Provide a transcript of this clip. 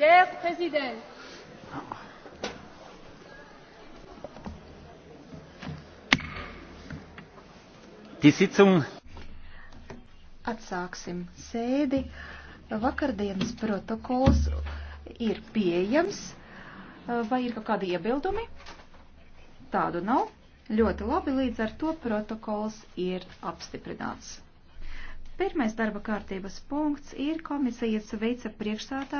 Der Präsident. Die Sitzung. Atsāksim sēdi. Vakardienas protokols ir pieejams. Vai ir kaut kādi iebildumi? Tādu nav. Ļoti labi, līdz ar to protokols ir apstiprināts. Pirmais darba kārtības punkts ir komisijas vicepriekšsētājs.